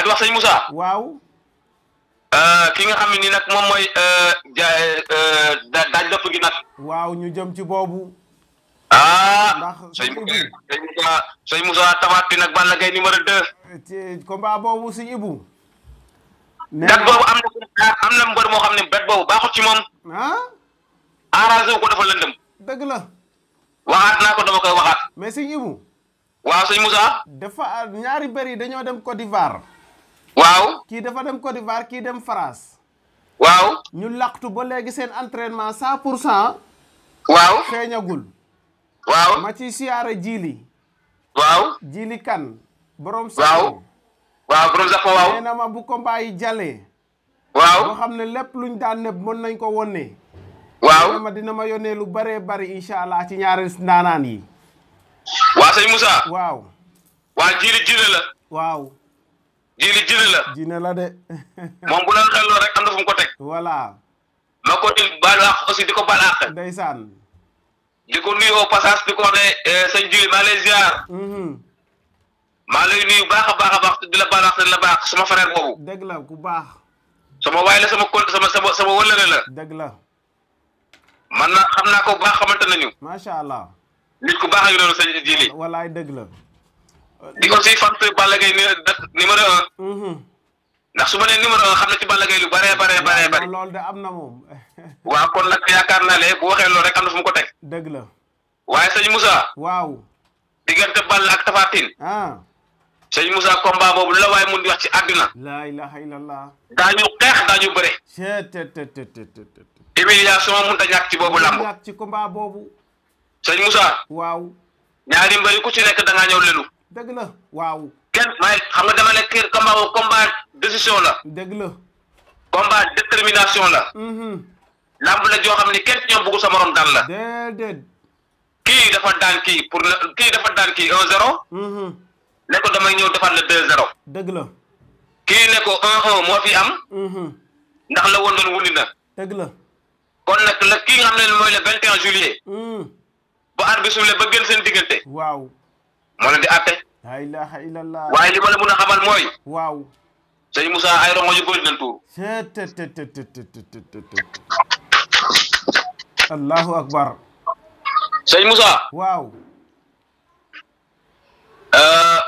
waaye wax sëñ Moussa. waaw. ki nga xamni nak mom moy euh mooy ja eh, daaj dëpp gi nak waaw ñu jëm ci bobu ah sëñ Moussa sëñ Moussa Saya nag Balla Gaye numéro 2. combat boobu si Ibou. nee bobu boobu am na am na mbër moo xam ne bet bobu baaxut ci mom ha arrangé ko dafa lendem deug la. waxat naa ko dama koy waxat mais sëñ Ibou. waaw sëñ Moussa. dafa ñaari bari dañoo dem Côte d'Ivoire waaw kii dafa dem Côte d'Ivoire kii dem France waaw ñu laqtu ba léegi seen entraînement cent pour cent waaw feeñagul waaw ma ci siyaara jili Wow, jili kan borom wow waaw borom wow. waaw wow. na ma bu combat yi jale waaw boo xam ne lépp luñ daan ne mën nañ ko wonne waaw ma dina ma yónnee lu bëree bëri insha allah ci ñaari Wow, yi waa Wow, Moussa waaw waa jili jili la Wow jiili jiili la. jiine la de. moom bu la xelloo rek am na fu mu ko teg. voilà. ma ko di baal àq aussi di ko baal àq. ndeysaan. di ko nuyu au passage di ko ne eh, sëñ jiili maa lay ziar. Mhm. maa lay nuyu baax a baax di la baal àq la baax sama frère boobu. dëgg la ku baax. sama waay la sama kon sama sama sama wëllëre la. dëgg la. man na allah. nit ku baax a ngi doon la di sih si fant Balla numéro un ndax su ma numéro un xam ci Balla lu bare bare bare bare loolu de am na moom kon nag yaakaar naa ne bu waxee loolu rek am fu ko teg la waaye sëñ Moussa ak ah Moussa combat la wax ci la ilaha illallah humiliation ci lamb ci combat Moussa ku ci nek da nga ñew lelu dëgg la waaw. kenn may xam nga demal ne kër combat woo décision la. dëgg la. combat détermination la. Mhm. lamb la joo xam ne kenn ci ñoom bëggu sa morom daan la. déedéet. kii dafa daan kii pour kii dafa daan kii 1-0. Mhm. ne ko damay ñëw defaat le 2-0. dëgg la. kii ne ko 1 moo fi am. Mhm. ndax la woon doon wuli na. dëgg la. kon nag la kii nga xam ne mooy le 21 juillet. bu aar bi suulee ba gën seen diggante. waaw. moo leen di àtte. la ilaha illallah waaye li ma la mën a xamal mooy. waaw. sëñ Moussa ay rongo yu bëri nañ tuur. allahu akbar. sëñ Moussa. waaw. Euh,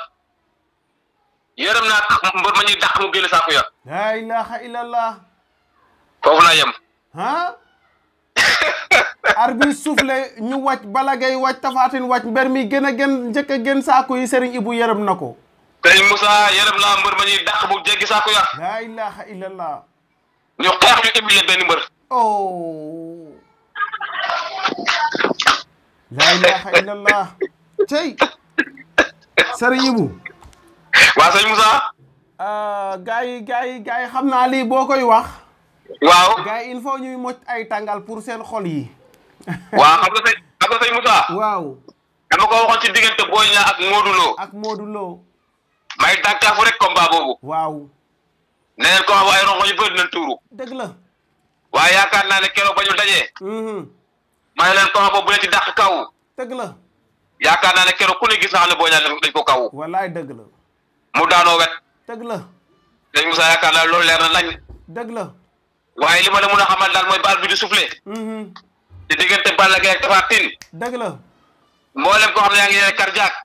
yërëm na mbër ma ñuy dàq mu génn saako ya. la ilaha illallah. foofu laa yem. ah. arbi soufflé ñu wacc balagay wacc tafatin wacc Tine wàcc mbër mi gën a gën njëkk a gën saako yi Serigne Ibou yërem nako ko. Serigne Moussa yërëm naa ma ñi dakk bu jéggi saako ya. la ilaha illallah. ñu xex ñu humilier ben mbër. oh. la ilaha illallah. tey. Serigne Ibou. ibu Serigne Moussa. Ah, gars yi gars yi xamna li bokoy wax. waaw. gars il faut ñuy mocc ay tangal pour seen xol yi. waaw xam nga sëñ xam nga sëñ Moussa. waaw. dama ko waxoon ci diggante Boy Niang ak Modou ak Modou Lo. may tànkaafu rek combat boobu. waaw. nee nañ combat bu ay rongo ñu bëri nañ tuuru. dëgg la. waaye yaakaar naa ne keroog ba ñu dajee. Mm-hmm. ma ne leen combat boobu bu leen ci dàq kaw. dëgg la. yaakaar naa ne keroog ku ne gis na xam ne Boy Niang ko kaw. wallaay dëgg la. mu daanoo wet. dëgg la. sëñ naa loolu leer na nañ. dëgg la. waaye li ma la mën a xamal daal mooy baal bi di soufflé. Mm-hmm. ci diggante Balla Gaye ak Tapha Tine. dëgg la. mboolem ko xamna ne yaa ngi yore cardiaque.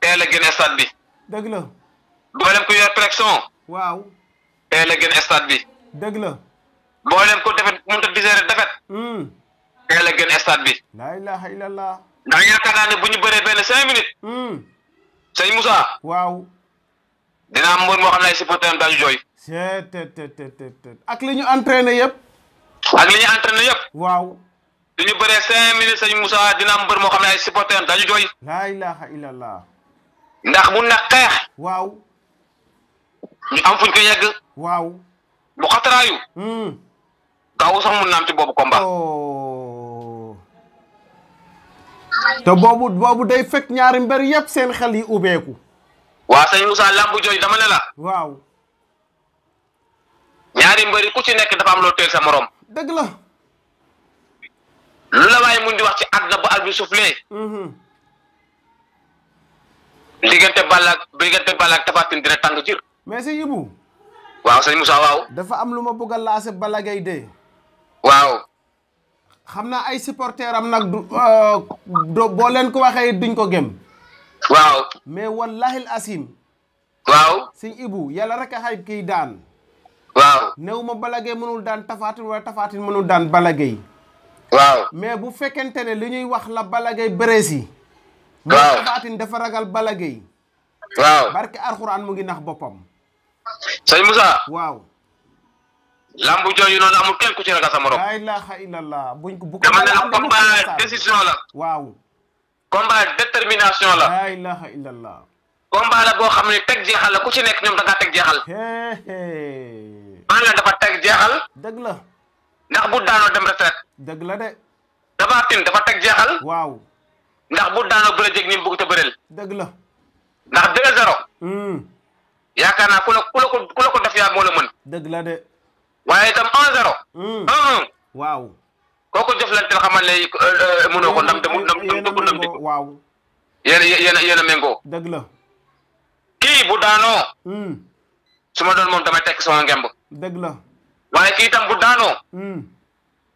teel a génn stade bi. dëgg la. mboolem ko yor traction waaw. teel a génn stade bi. dëgg la. mboolem ku defet mënut a défé hmm, teel a génn stade bi. la ilaha illallah. da nga naa ne buñu bëré bëree 5 minutes hmm sey Moussa. waaw. dina am mbër moo joy ne té té té té ak liñu entraîner yépp ak li ñu entraîné yëpp. waaw. du ñu bëree cinq minutes sëñ Moussa dina am mbër moo xam ne ay supporters dañu jooy. laa ilaha illallah. ndax mun na xeex. waaw. ñu am fuñ ko yegg. waaw. bu xataraayu. kaw hmm. sax mun na am ci boobu combat. Oh. te boobu boobu day fekk ñaari mbër yëpp seen xel yi ubbeeku. waa sëñ Moussa jooy dama ne la. waaw. ñaari ku ci nekk dafa am loo sa morom. dëgg la. lu la waaye mun di wax ci àdduna bu al bi soufflé. Mhm. diggante Balla ak diggante Balla ak dina tàng ci mais si Ibou. waaw sëñ Moussa waaw. dafa am lu ma bëgg a laase Balla Gaye de. waaw. xam na ay supporteurs am nag du euh, boo leen ko waxee duñ ko gëm. waaw. mais wallaahi al asim. waaw. sëñ Ibou yàlla rek a xay kii daan. waaw néew ma Balla Gaye mënul daan tafaatin wala tafaatin mënul daan Balla Gaye waaw mais bu fekkente ne li ñuy wax la Balla Gaye bëreesi mu tafaatin dafa ragal Balla Gaye waaw barke alxuraan mu ngi nax boppam sëñ Moussa waaw lambu jooju noonu amul kenn ku ci ragal sa morom la ilaha illallah buñ ko bu ko dama décision la waaw combat détermination la la ilaha illallah combat la boo xam ne teg jeexal la ku ci nekk ñoom da ngaa teg jeexal. Balla dafa teg jeexal. dëgg la. ndax bu daanoo dem retraite. dëgg la de. dafa teg jeexal. waaw. ndax bu daanoo bëre jeg ni mu bëgg te bëreel. dëgg la. ndax deux zéro. Hmm. yaakaar naa ku la ku la ko ku la def yaa moo mën. dëgg la de. waaye itam un zéro. Hmm. un un. waaw. kooku jëflanteel xamal ne euh, euh, mënoo ko ndam demul ndam demul ndam. waaw. yéen a yéen a kii bu daanoo hmm. su ma doon moom damay tekk sama ngemb dëgg la waaye kii tam bu daanoo hmm.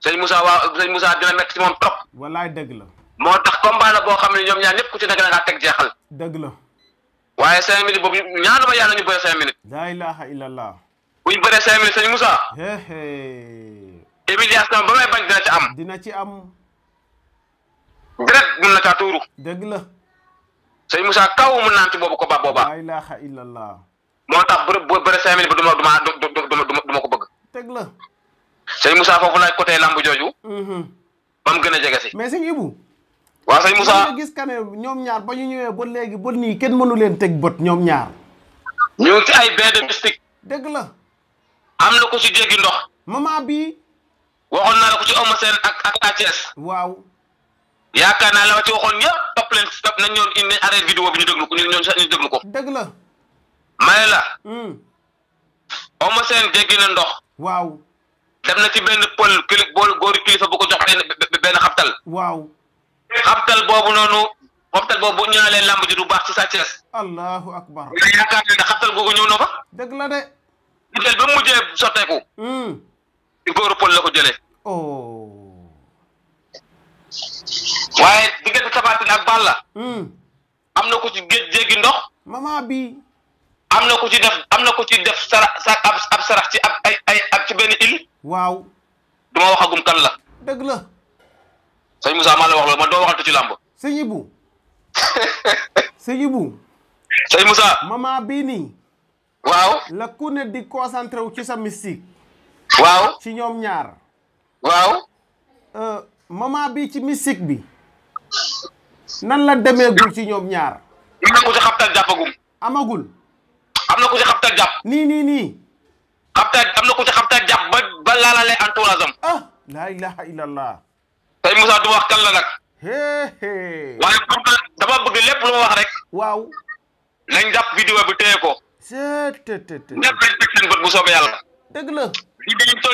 sëñ Moussa waa sëñ Moussa dina métti ci moom trop wallaay dëgg la moo tax combat la boo xam ne ñoom ñaar ñëpp ci nekk da ngaa teg jeexal dëgg la waaye cinq minutes boobu ñaanu ma yàlla ñu bëre cinq minutes laa ilaha illallah bu ñu bëree cinq minutes sëñ Moussa émilias tam ba may bañ dina ci am dina ci am direct mun na caa dëgg la sëñ Moussa kaw mu naan ci boobu ko ba boobaa. la ilaha illallah. moo tax bërëb bëre cinq mille bi du ma du ma du ma ko bëgg. teg la. sëñ Moussa foofu laaj côté lamb jooju. Mm-hmm. ba mu gën a jege si. mais sëñ Ibou. waaw sëñ Moussa gis ka ñoom ñaar ba ñu ñëwee ba léegi ba nii kenn mënu leen teg bët ñoom ñaar. ñu ci ay bain de mystique. dëgg la. am na ko si jéggi ndox. maman bi waxoon naa la ko si Eumeu Sène ak ak Sa waaw. yaakaar naa la ma ci waxoon yëpp topp leen topp nañ ñoon indi arrêt vidéo bi ñu déglu ko ñu ñoon sax ñu déglu ko. dëgg la. may la. Eumeu Sène jéggi na ndox. waaw. dem na ci benn pël kili góor kilifa bu ko jox benn benn xabtal. waaw. xabtal boobu noonu xabtal boobu bu ñaalee lamb ji du baax ci Sa Thiès. allahu akbar. nga yaakaar ne xabtal googu ñëw na fa. dëgg la de. xabtal ba mujjee sotteeku. ci hmm. góoru pël la ko jëlee. oh. waaye diggante Tapha Tine ak Balla. Hmm. am na ko ci géej jéggi ndox. mama bi am na ko ci def am na ko ci def sara sarax ci ab ay ay ak ci benn île. waaw. du ma waxagum kan la. dëgg la. sëñ Moussa maa la wax loolu doo waxatu ci làmb. sëñ Ibou. sëñ Ibou. sëñ Moussa. mama bii nii. waaw. la ku ne di concentré wu ci sa mystique. waaw ci ñoom ñaar. waaw. Euh, maman bi ci misik bi. nan la demeegul ci ñoom ñaar. am na ku ci xabtal jàppagum. amagul. am na ku ci xabtal jàpp. nii nii nii. xabtal am na ku ci xabtal jàpp ba ba laalalee entourage am. ah la ilaha illallah. tey Moussa wax kan la nag. waaye xam nga dama bëgg rek. waaw. nañ jàpp vidéo bi téye ko. ñëpp rek teg seen bët bu soobee yàlla. dëgg la.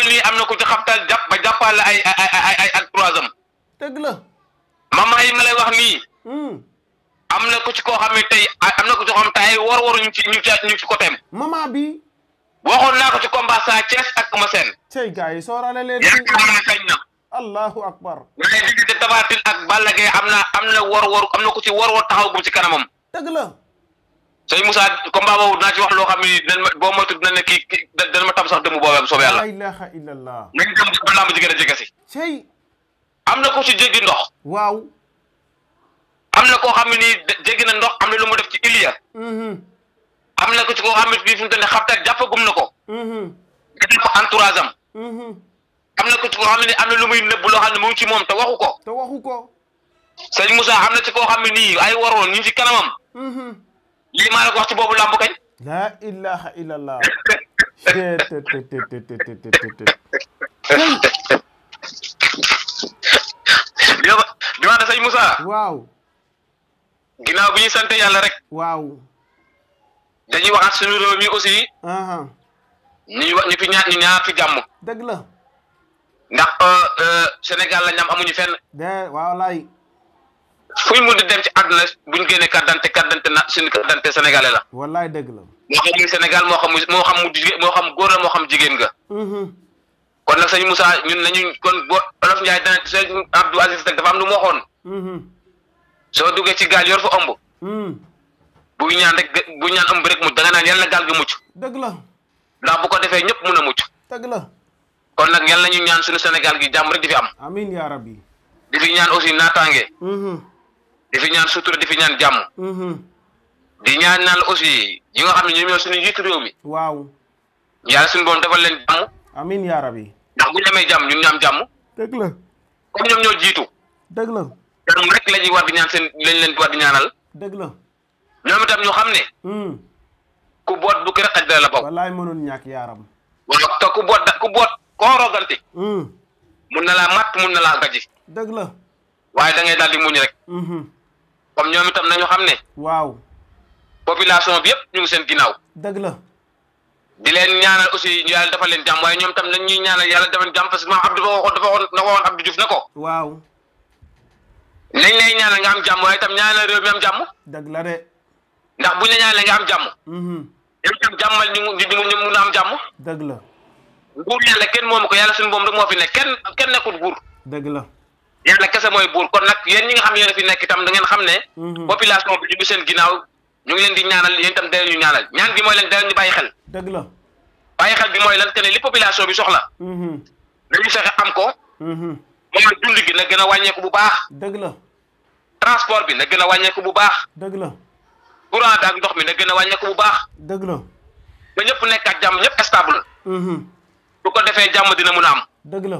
li am na ku ci xabtal jàpp ba jàppale ay ay ay ay ay entourage am. dëgg mama yi ma lay wax nii. Hmm. am na ko ci koo xam ne tey am na ko ci koo xam ne tey war waru ñu ci ñu ci ñu ci côté am. mama bi. waxoon naa ko ci combat saa Thiès ak ma seen. tey gars yi sóoraale leen. yaakaar naa sañ na. allahu akbar. mais diggante Tapha Tine ak Balla Gaye am na am na war am na ko ci war war taxaw gum ci kanamam. dëgg la. sëñ Moussa combat boobu naa ci wax loo xam ne dinañ ma boo moytu dinañ ne kii dinañ ma tam sax dëmm boobee am soobee yàlla. la ilaha illallah. nañ dem ba lamb ji a jege si. am na ko ci jéggi ndox. waaw. am na koo xam ne nii jéggi na ndox am na lu mu def ci Iliya. Mm-hmm. am na ko ci koo xam ne bii fi mu toll nii xabtaar na ko. gis mm-hmm. na mm-hmm. am. na ko ci koo xam ne am na lu muy nëbb loo xam ne mu ngi ci moom te waxu ko. te waxu ko. sëñ Moussa am na ci koo xam ne nii ay waroon ñu ci kanamam. li maa la wax ci boobu làmb kañ. la ilaha illallah. gimana sëñ Musa wow ginnaaw bi ñu sant yàlla rek. waaw. dañuy waxaat suñu réew mi aussi. ñu wax ñu fi ñaar ñu ñaar fi jàmm. dëgg la. ndax Sénégal la ñam amuñu fenn. de waaw laay. fuñ di dem ci àdduna buñ génnee carte d'identité carte d'identité na suñu carte d'identité sénégalais la. wallaay dëgg la. moo xam muy Sénégal moo xam moo xam mu moo xam góor la moo xam jigéen nga kon nag seigne Moussa ñun lañu kon bo olof Ndiaye dana sëñ Abdou Aziz tak dafa am lu mo xon hmm so duggé ci gal yor fa ëmb. Mhm. bu ñaan rek bu ñaan ëmb rek mu da nga naan yalla gal gi muccu deug la la bu ko défé ñëpp mëna muccu deug la kon nak yalla ñu ñaan suñu Sénégal gi jamm rek di fi am. amin ya rabbi. di fi ñaan aussi naataange. Mhm. di fi ñaan sutur di fi ñaan hmm di ñaan naal aussi yi nga xamni ñu ñoo suñu jitt rew mi. waaw yàlla suñu bon defal leen jamm amiin yaa rabi. ndax bu ñu amee jàmm ñun ñu jàmm. dëgg la. comme ñoom ñoo jiitu. dëgg la. jàmm rek la ñuy war di seen lañ leen war di ñaanal. dëgg la. ñoom itam ñu xam ne. Hmm. ku boot bu kii rek xaj la bokk. wallaay mënoon ñàkk yaaram. wala te ku boot da boot koo rogante. Hmm. mun na laa mat mun na laa gaji. dëgg la. waaye dangay ngay daal di muñ rek. Hmm. comme ñoom itam nañu xam ne. waaw. population bi yëpp ñu ngi seen ginnaaw. dëgg la. di leen ñaanal aussi ñu yàlla defal leen jàmm waaye ñoom tam nañ ñuy ñaanal yàlla defal jàmm parce que maam Abdou dafa waxoon dafa waxoon na waxoon Abdou Diouf na ko. waaw. nañ lay ñaanal nga am jàmm waaye tam ñaanal réew mi am jàmm. dëgg la de. ndax buñ la ñaanalee nga am jàmm. Mm-hmm. yow tam jàmmal ñu ñu ñu mun a am jàmm. dëgg la. nguur yàlla kenn moomu ko yàlla suñu boom rek moo fi nekk kenn kenn nekkul buur. dëgg la. yàlla kese mooy buur kon nag yéen ñi nga xam yéen fi nekk itam da ngeen xam ne. Mm-hmm. population bi ñu seen ginnaaw ñu ngi leen di ñaanal yéen itam daleen ñaanal ñaan gi mooy leen daleen ñu bàyyi xel dëgg la bàyyi xel bi mooy lan te ne li population bi soxla mm-hmm. dañu fexe am ko mm-hmm. mooy dund gi na gën a wàññeeku bu baax dëgg la transport bi na gën a wàññeeku bu baax dëgg la courant bi ndox mi na gën a wàññeeku bu baax dëgg la ba ñëpp nekk jàmm ñëpp stable mm-hmm. bu ko defee jàmm dina mun a am dëgg la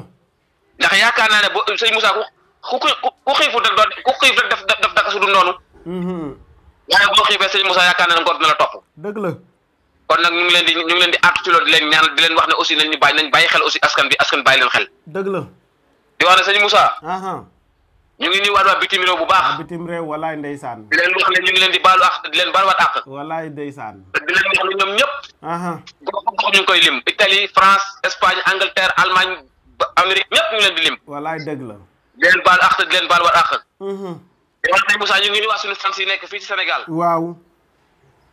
ndax yaakaar naa ne bu sëñ Moussa ku ku ku xiifu rek doon ku xiif daf daf daka su noonu waaye ya, boo xiifee sëñ Moussa yaakaar na ngor dina la topp dëgg la kon nag ñu ngi leen di ñu ngi leen di artu ci loolu di leen ñaan di leen wax ne aussi nañ ñu bàyyi nañ bàyyi xel aussi askan bi askan bàyyi leen xel dëgg la di wax ne Musa? Aha. ñu ngi nuyuwaat waa bitim réew bu baax bitim réew walaay ndeysaan di leen wax ne ñu ngi leen di baalu ak di leen baaluwaat ak walaay ndeysaan di leen wax ne ñoom ñëpp gox gox ñu ngi koy lim Italie France Espagne Angleterre Allemagne Amérique ñëpp ñu ngi leen di lim walaay dëgg la di leen baal ak di leen baaluwaat ak mhm. Iya, wow. bi Moussa ngi nuyu waa suñu fan Wow. nekk fii ci Sénégal. waaw.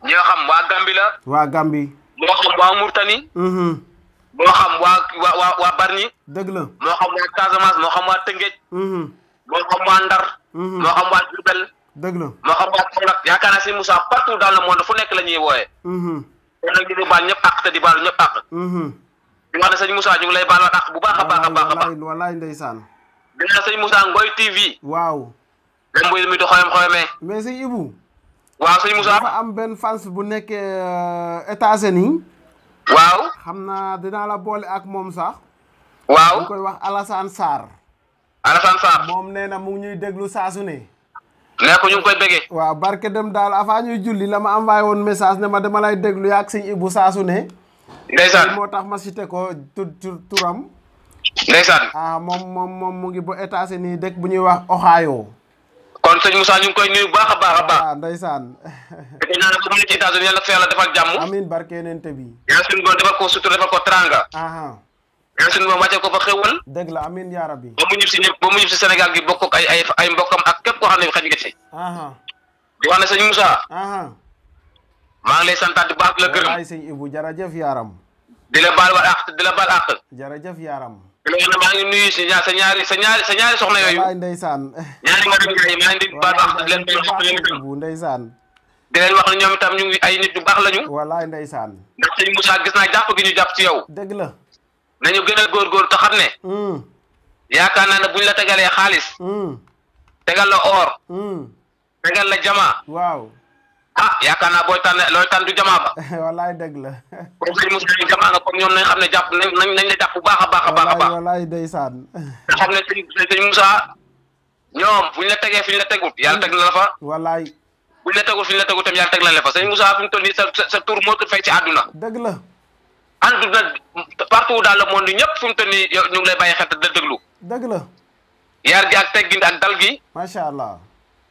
ñoo xam Wa Gambie la. waa Gambie. moo xam waa Mourtani. moo xam waa waa waa Bargny. dëgg la moo xam waa Casamance moo xam waa Tëngéej. moo xam waa Ndar. moo xam waa Diourbel. dëgg la moo xam waa Kaolack si partout dans le monde fu nekk te di baal ñëpp di wax ne sëñ ñu lay bu di wax Ngoy TV. Wow. même mbéy mi di xoyam xoyamee. mais sëñ Ibou. waaw sëñ Moussa am benn fans bu nekkee euh, états waaw. xam naa dinaa la boole ak moom sax. waaw ñu koy wax Alassane Sarr. Alassane Sarr moom nee na mu ngi ñuy déglu saa su ne. nekk ñu koy déggee. waaw barke dem daal avant ñuy julli la ma envoyé woon message ne ma dama lay déglu yaa ak sëñ Ibou saa su moo tax ma cité ko tur turam. ndeysaan. ah moom moom moom mu ngi ba états dëkk bu ñuy wax Ohio. kon sëñ Moussa ñu ngi koy nuyu baax a baax a baax. waaw ah, ndeysaan. te ñaan ko na ko yàlla defal jàmm. amiin barke nente bi. yàlla suñu borom defal ko sutur defal ko teraanga. yàlla suñu borom wàccee ko fa xéwal. dëgg la amiin yaa rabbi. ba mu ñib si ñëpp ba mu ñib si Sénégal gi bokk ak ay ay mbokkam ak képp koo xam ne xaj nga ci. di wax ne sëñ Moussa. maa ngi lay santaat di baax di la gërëm. waay sëñ Ibou jërëjëf yaaram. di la baal waat àq di la baal àq. jërëjëf yaaram. nee na maa ñaari sa ñaari soxna yooyu. ndeysaan. ñaari nga dem gaay maa ngi di wax di ndeysaan. di wax ne ñoom itam ñu ngi ay nit yu baax lañu. wallaay ndeysaan. ndax sëñ Moussa gis naa jàpp gi ñu jàpp ci yow. dëgg la. nañu gën a góorgóorlu te xam ne. Hmm. yaakaar naa ne buñ la tegalee xaalis. Hmm. tegal la or. Hmm. tegal la jamaa. waaw. ah yaakaar ah, naa booy kan, eh, tan looy tànn du jamaa ah, ba. wallaay dëgg la. boo sëñ Moussa yi jamaa ah, nga kon ñoom nañ xam ne jàpp nañ nañ la jàpp bu baax a baax a baax a baax. wallaay ndeysaan. nga xam ne sëñ sëñ Moussa ñoom fu ñu la tegee eh, fi ñu la tegul yàlla teg na la fa. wallaay bu ñu la tegul fi ñu la tegul tam yàlla teg na la fa sëñ Moussa fi mu toll nii sa sa tur moo ko fay ci àdduna. dëgg la. àdduna partout dans le monde ñëpp fi mu ñu lay bàyyi xel da déglu. dëgg la. yar gi ak teggin ak dal gi. macha allah.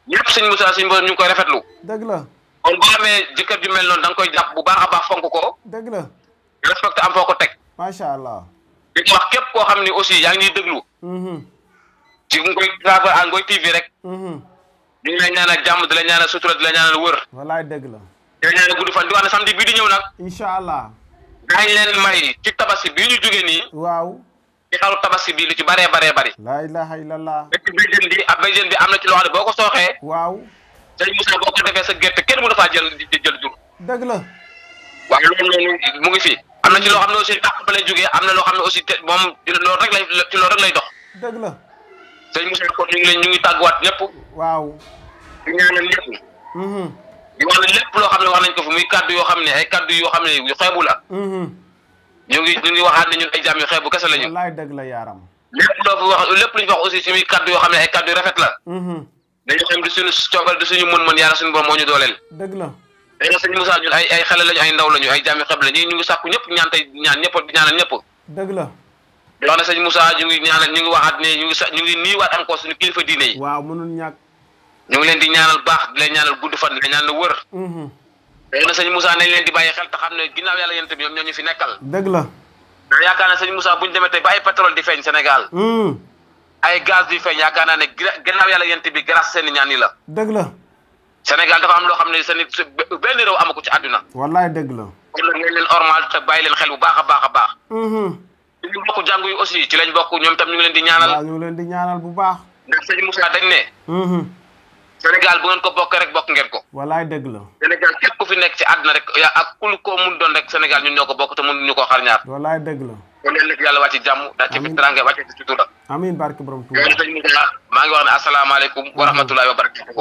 ñëpp sëñ Moussa sëñ Moussa ñu koy rafetlu. dëgg la kon bo amé jëkër ju mel non dang koy japp bu baaxa baax fonk ko deug la respect am foko tek ma sha Allah di wax kep ko xamni aussi yaangi ni deglu hmm ci koy travel ak ngoy tv rek hmm ngi ñaan ak jamm di la ñaanal sutura di la ñaanal wër wallahi deug la di ñaanal guddu fan di wax samedi bi di ñew nak Allah dañ leen may ci tabassi bi ñu joggé ni waaw ci xalu tabassi bi lu ci bare bare bare la ilaha illallah ci bi ab bi amna ci lo boko soxé waaw sëñ Moussa boo ko defee sa gerte kenn mënu faa jël jël jur. dëgg la. waaye loolu noonu mu ngi fi am na ci loo xam ne aussi àq ba lay jógee am na loo xam ne aussi te moom loolu rek lay ci loolu rek lay dox. dëgg la. sëñ Moussa kon ñu ñu ngi tàgguwaat ñëpp. waaw. di ñaanal ñëpp. Mm-hmm. di wax ne loo xam ne wax nañ ko fi muy kaddu yoo xam ne ay kaddu yoo xam ne yu xeebu la. Mm-hmm. ñu ngi ñu ngi waxaat ne ñun ay jaam yu xeebu kese la ñu. wallaay dëgg la yaaram. lépp loo fi wax lépp lu ñu wax aussi si muy kaddu yoo xam ne ay kaddu yu rafet la. Mm-hmm. dañu xam di suñu ciogal di suñu mën mën yàlla suñu borom moñu dolel deug la dañu suñu musa ñun ay ay xalé lañu ay ndaw lañu ay jami xeb lañu ñu ngi sakku ñepp ñaan tay ñaan ñepp di ñaanal ñepp deug la wax na sëñ Moussa ñu ngi ñaanal ñu ngi waxat ne ñu ngi ñu ngi ni waat am ko suñu kilifa diine yi waaw mënul ñak ñu ngi leen di ñaanal baax di leen ñaanal guddu fan di leen ñaanal wër hmm dañu na musa nañ leen di baye xel te xam ne ginnaaw yàlla yent bi ñom ñoo ñu fi nekkal deug la da na sëñ musa buñu demee tay baye pétrole di feñ Sénégal hmm ay gaz yu feeñ yaakaar naa ne gannaaw yàlla yent bi grâce seen ñaan yi la. dëgg la. Sénégal dafa am loo xam ne seen benn ko ci àdduna. wallaay dëgg la. kon nag ngeen leen ormal bàyyi leen xel bu baax baax a baax. Mm-hmm. bokk jàngu yi aussi ci lañ bokk ñoom tam ñu ngi leen di ñaanal. waaw leen di ñaanal bu baax. ndax sëñ Moussa dañ ne. Mm-hmm. Sénégal ko bokk rek bokk ngeen ko. wallaay dëgg la. Sénégal képp ku fi nekk ci àdduna rek yaa ak ku ko mun doon rek Sénégal ñun ñoo ko bokk te mun mënuñu koo ko ñaar. wallaay dëgg la. kon yàlla na yàlla wàcc jàmm daa ci fi teraanga wàcc ci sutura amiin barke borom Tuuba sëñ bi maa ngi wax ne asalaamaaleykum wa rahmatulahi wa barakatuh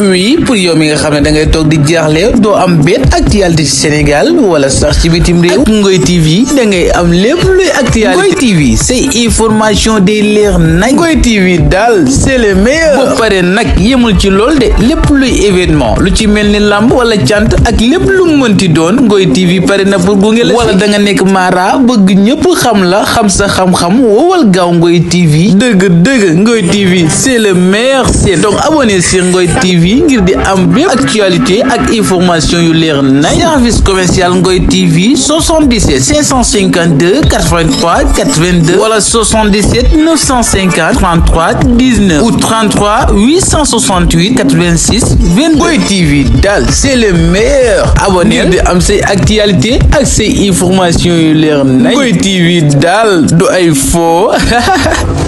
oui pour yow mi nga xam da ngay tok di jaaxle do am benn actualité ci Sénégal wala sax ci bitim réew Ngoy TV da ngay am lépp luy actualité Ngoy TV c'est information des leer nañ Ngoy TV dal, c'est le meilleur bu paré nak yémul ci lol dé lépp luy événement lu ci melni lamb wala cant ak lépp lu mënti doon Ngoy TV paré na pour gunge la wala da nga nek mara bëgg ñëpp xam la xam sa xam-xam wowal gaaw Ngoy TV dëgg dëgg Ngoy TV c'est le meilleur c'est donc abonné sur Ngoy TV di am actualité ak information yu leer service commercial Ngoy TV 77 552 83 82 wala 77 953 33 19 ou 33 868 86 22 Ngoy TV Dal. c'est le meilleur abonné di am actualité ak say information yu leer Ngoy TV dal du ay